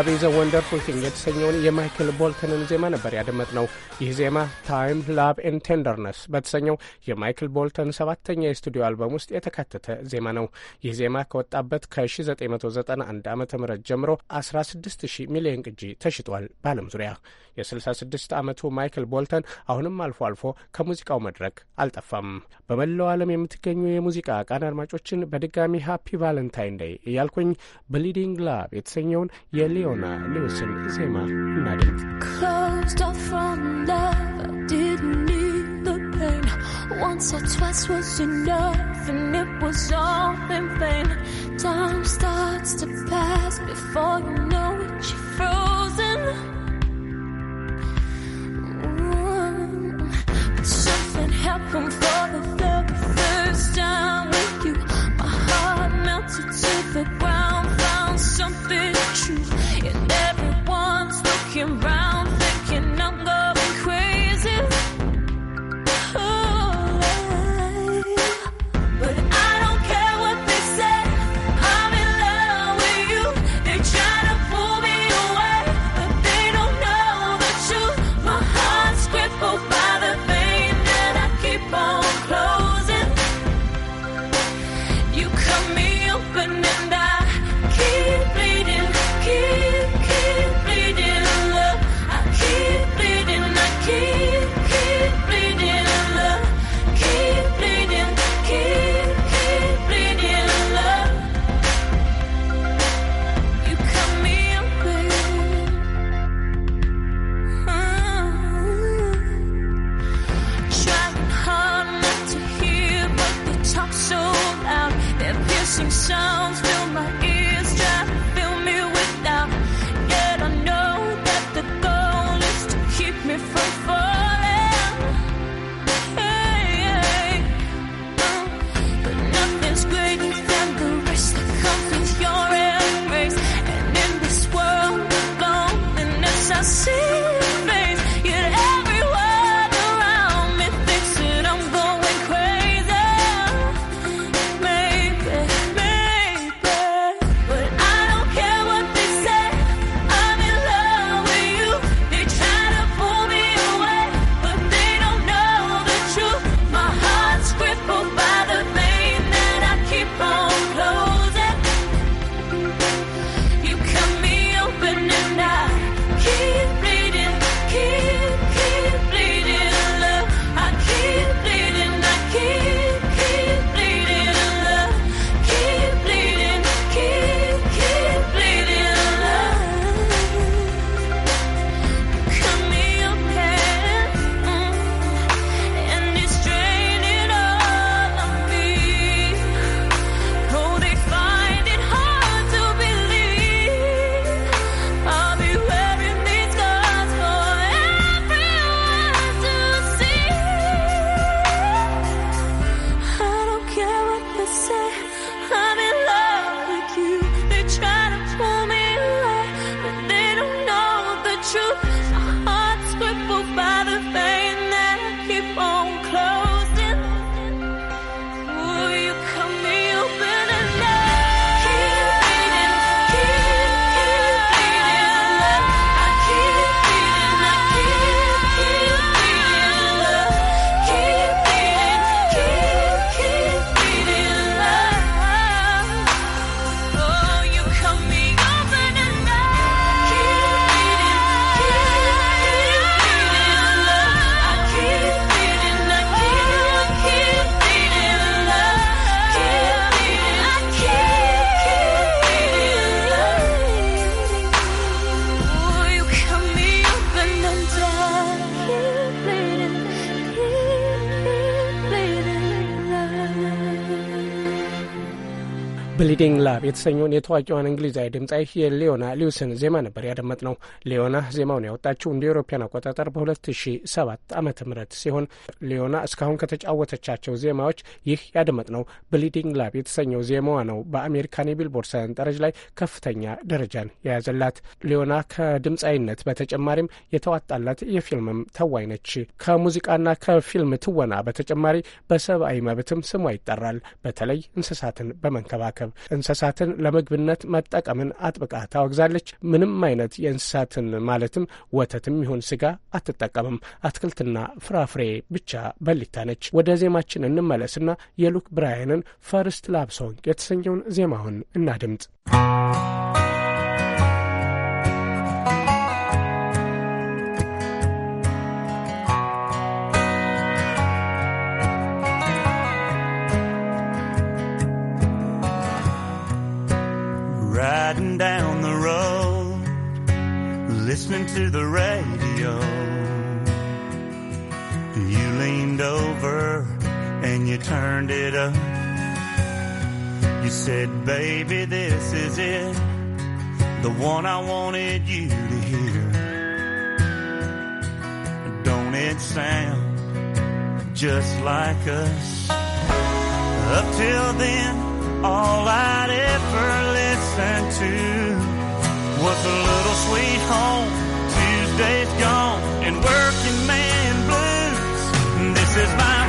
ላቭ ኢዝ ኤ ወንደርፉል ቲንግ የተሰኘውን የማይክል ቦልተንን ዜማ ነበር ያደመጥነው። ይህ ዜማ ታይም ላቭ ን ቴንደርነስ በተሰኘው የማይክል ቦልተን ሰባተኛ የስቱዲዮ አልበም ውስጥ የተካተተ ዜማ ነው። ይህ ዜማ ከወጣበት ከ1991 ዓ ም ጀምሮ 16 ሚሊዮን ቅጂ ተሽጧል በዓለም ዙሪያ። የ66 ዓመቱ ማይክል ቦልተን አሁንም አልፎ አልፎ ከሙዚቃው መድረክ አልጠፋም። በመላው ዓለም የምትገኙ የሙዚቃ ቃን አድማጮችን በድጋሚ ሃፒ ቫለንታይን ዴይ እያልኩኝ ብሊዲንግ ላቭ የተሰኘውን የሊዮና ሌዊስን ዜማ እናድምጥ። Once or twice was enough, and it was all in vain. Time starts to pass before you know. ሪዲንግ ላብ የተሰኘውን የታዋቂዋን እንግሊዛዊ ድምፃዊ የሊዮና ሊውስን ዜማ ነበር ያደመጥ ነው። ሊዮና ዜማውን ያወጣችው እንደ ኤሮፓያን አቆጣጠር በ2007 ዓ ም ሲሆን ሊዮና እስካሁን ከተጫወተቻቸው ዜማዎች ይህ ያደመጥ ነው ብሊዲንግ ላብ የተሰኘው ዜማዋ ነው በአሜሪካን የቢልቦርድ ሰንጠረዥ ላይ ከፍተኛ ደረጃን የያዘላት። ሊዮና ከድምፃዊነት በተጨማሪም የተዋጣላት የፊልምም ተዋኝ ነች። ከሙዚቃና ከፊልም ትወና በተጨማሪ በሰብአዊ መብትም ስሟ ይጠራል። በተለይ እንስሳትን በመንከባከብ እንስሳትን ለምግብነት መጠቀምን አጥብቃ ታወግዛለች። ምንም አይነት የእንስሳትን ማለትም ወተትም ይሁን ስጋ አትጠቀምም። አትክልትና ፍራፍሬ ብቻ በሊታ ነች። ወደ ዜማችን እንመለስና የሉክ ብራያንን ፈርስት ላብ ሶንግ የተሰኘውን ዜማውን እናድምጥ። riding down the road, listening to the radio. You leaned over and you turned it up. You said, baby, this is it. The one I wanted you to hear. Don't it sound just like us? Up till then, all I'd ever listen to was a little sweet home. Tuesday's gone and working man blues. This is my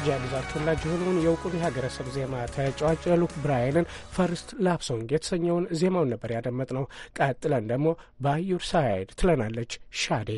የጆርጂያ ግዛት ተወላጅ የሆነውን የእውቁን የሀገረሰብ ዜማ ተጫዋች ሉክ ብራይንን ፈርስት ላፕ ሶንግ የተሰኘውን ዜማውን ነበር ያደመጥ ነው። ቀጥለን ደግሞ ባዩር ሳይድ ትለናለች ሻዴ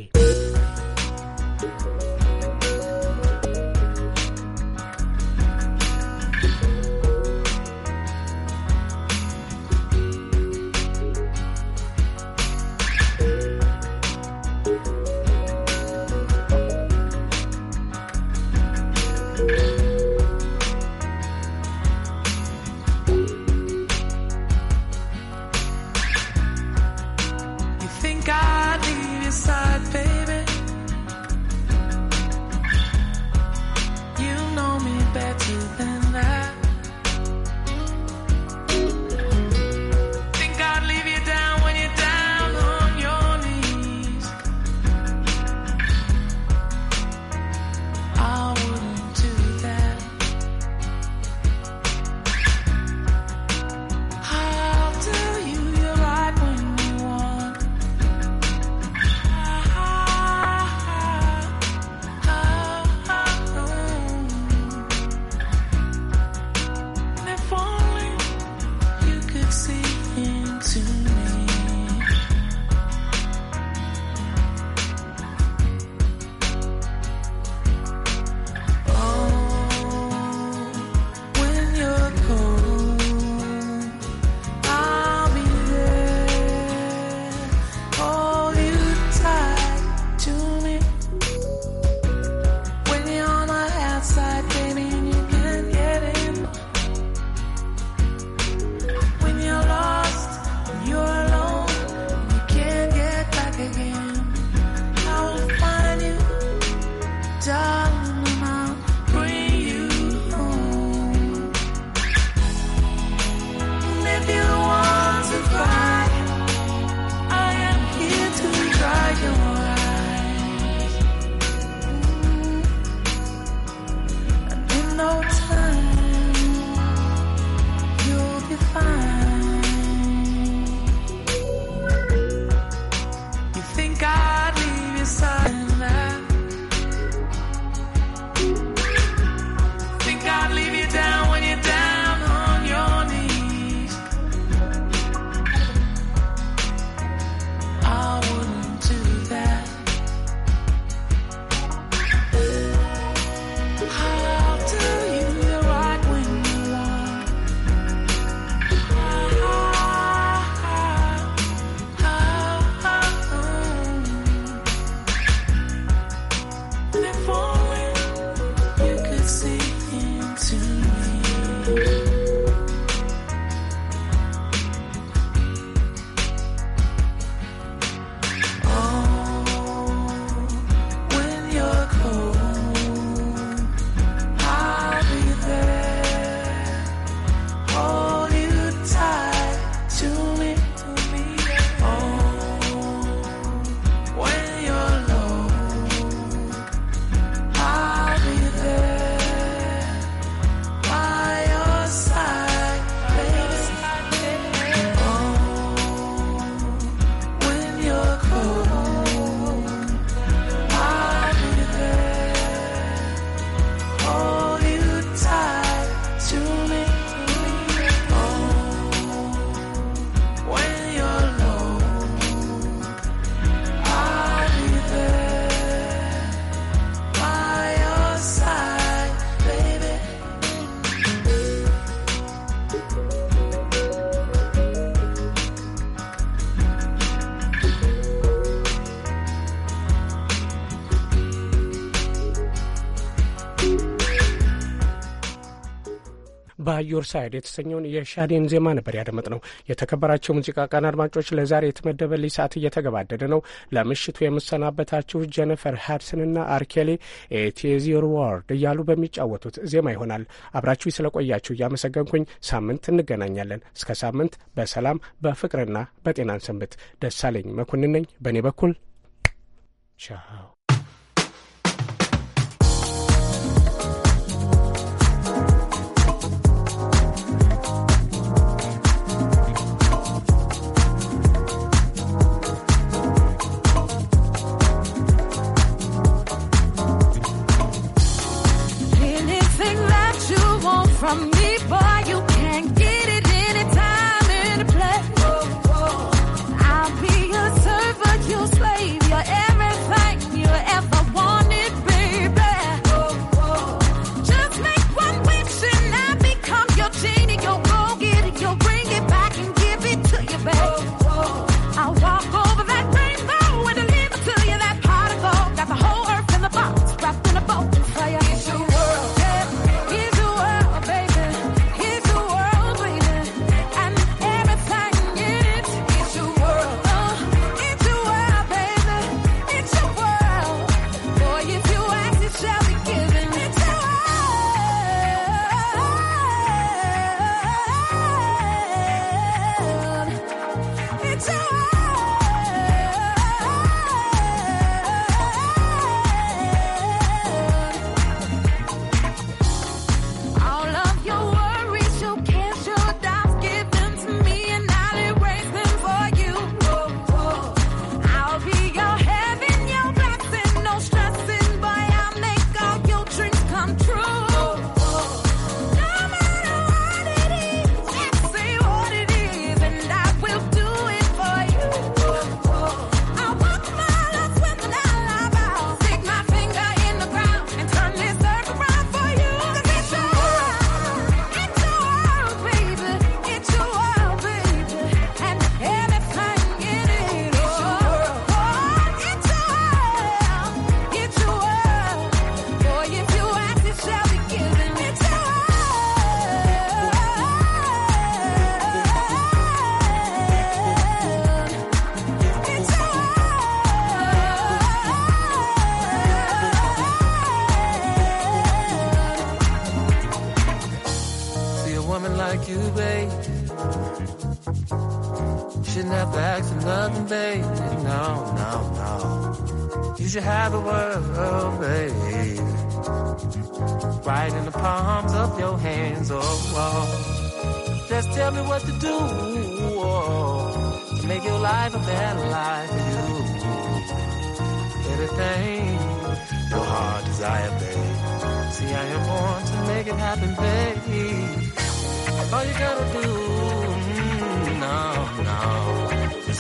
ዮር ሳይድ የተሰኘውን የሻዴን ዜማ ነበር ያደመጥ ነው። የተከበራቸው ሙዚቃ ቀን አድማጮች፣ ለዛሬ የተመደበልኝ ሰዓት እየተገባደደ ነው። ለምሽቱ የምሰናበታችሁ ጀነፈር ሃድሰንና አርኬሌ ኤቴዚር ዋርድ እያሉ በሚጫወቱት ዜማ ይሆናል። አብራችሁ ስለቆያችሁ እያመሰገንኩኝ ሳምንት እንገናኛለን። እስከ ሳምንት በሰላም በፍቅርና በጤናን ሰንብት። ደሳለኝ መኮንን ነኝ። በእኔ በኩል ቻው።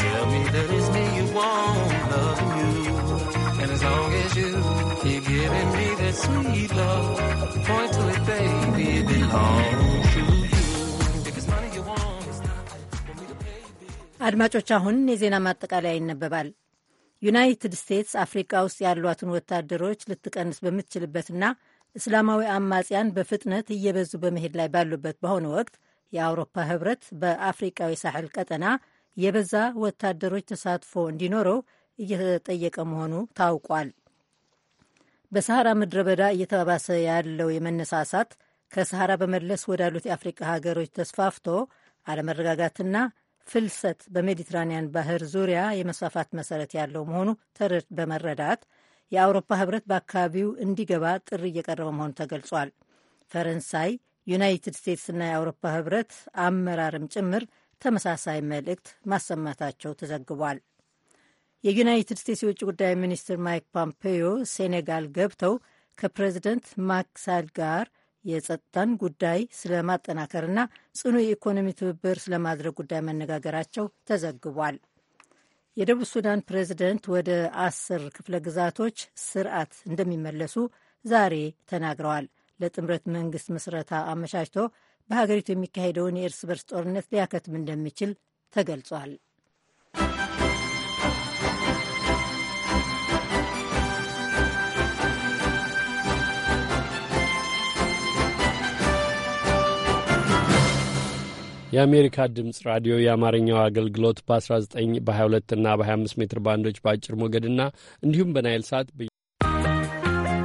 Tell me that it's me you want, you. And as long as you keep giving me that sweet love, point to it, baby, it belongs to you. አድማጮች አሁን የዜና ማጠቃለያ ይነበባል። ዩናይትድ ስቴትስ አፍሪካ ውስጥ ያሏትን ወታደሮች ልትቀንስ በምትችልበትና እስላማዊ አማጽያን በፍጥነት እየበዙ በመሄድ ላይ ባሉበት በአሁኑ ወቅት የአውሮፓ ህብረት በአፍሪቃዊ ሳሕል ቀጠና የበዛ ወታደሮች ተሳትፎ እንዲኖረው እየተጠየቀ መሆኑ ታውቋል። በሰሐራ ምድረ በዳ እየተባባሰ ያለው የመነሳሳት ከሰሐራ በመለስ ወዳሉት የአፍሪቃ ሀገሮች ተስፋፍቶ አለመረጋጋትና ፍልሰት በሜዲትራኒያን ባህር ዙሪያ የመስፋፋት መሰረት ያለው መሆኑ በመረዳት የአውሮፓ ህብረት በአካባቢው እንዲገባ ጥሪ እየቀረበ መሆኑ ተገልጿል። ፈረንሳይ፣ ዩናይትድ ስቴትስና የአውሮፓ ህብረት አመራርም ጭምር ተመሳሳይ መልእክት ማሰማታቸው ተዘግቧል። የዩናይትድ ስቴትስ የውጭ ጉዳይ ሚኒስትር ማይክ ፖምፔዮ ሴኔጋል ገብተው ከፕሬዚደንት ማክሳል ጋር የጸጥታን ጉዳይ ስለማጠናከርና ጽኑ የኢኮኖሚ ትብብር ስለማድረግ ጉዳይ መነጋገራቸው ተዘግቧል። የደቡብ ሱዳን ፕሬዚደንት ወደ አስር ክፍለ ግዛቶች ስርዓት እንደሚመለሱ ዛሬ ተናግረዋል። ለጥምረት መንግስት ምስረታ አመቻችቶ በሀገሪቱ የሚካሄደውን የእርስ በርስ ጦርነት ሊያከትም እንደሚችል ተገልጿል። የአሜሪካ ድምፅ ራዲዮ የአማርኛው አገልግሎት በ19 በ22 እና በ25 ሜትር ባንዶች በአጭር ሞገድና እንዲሁም በናይል ሳት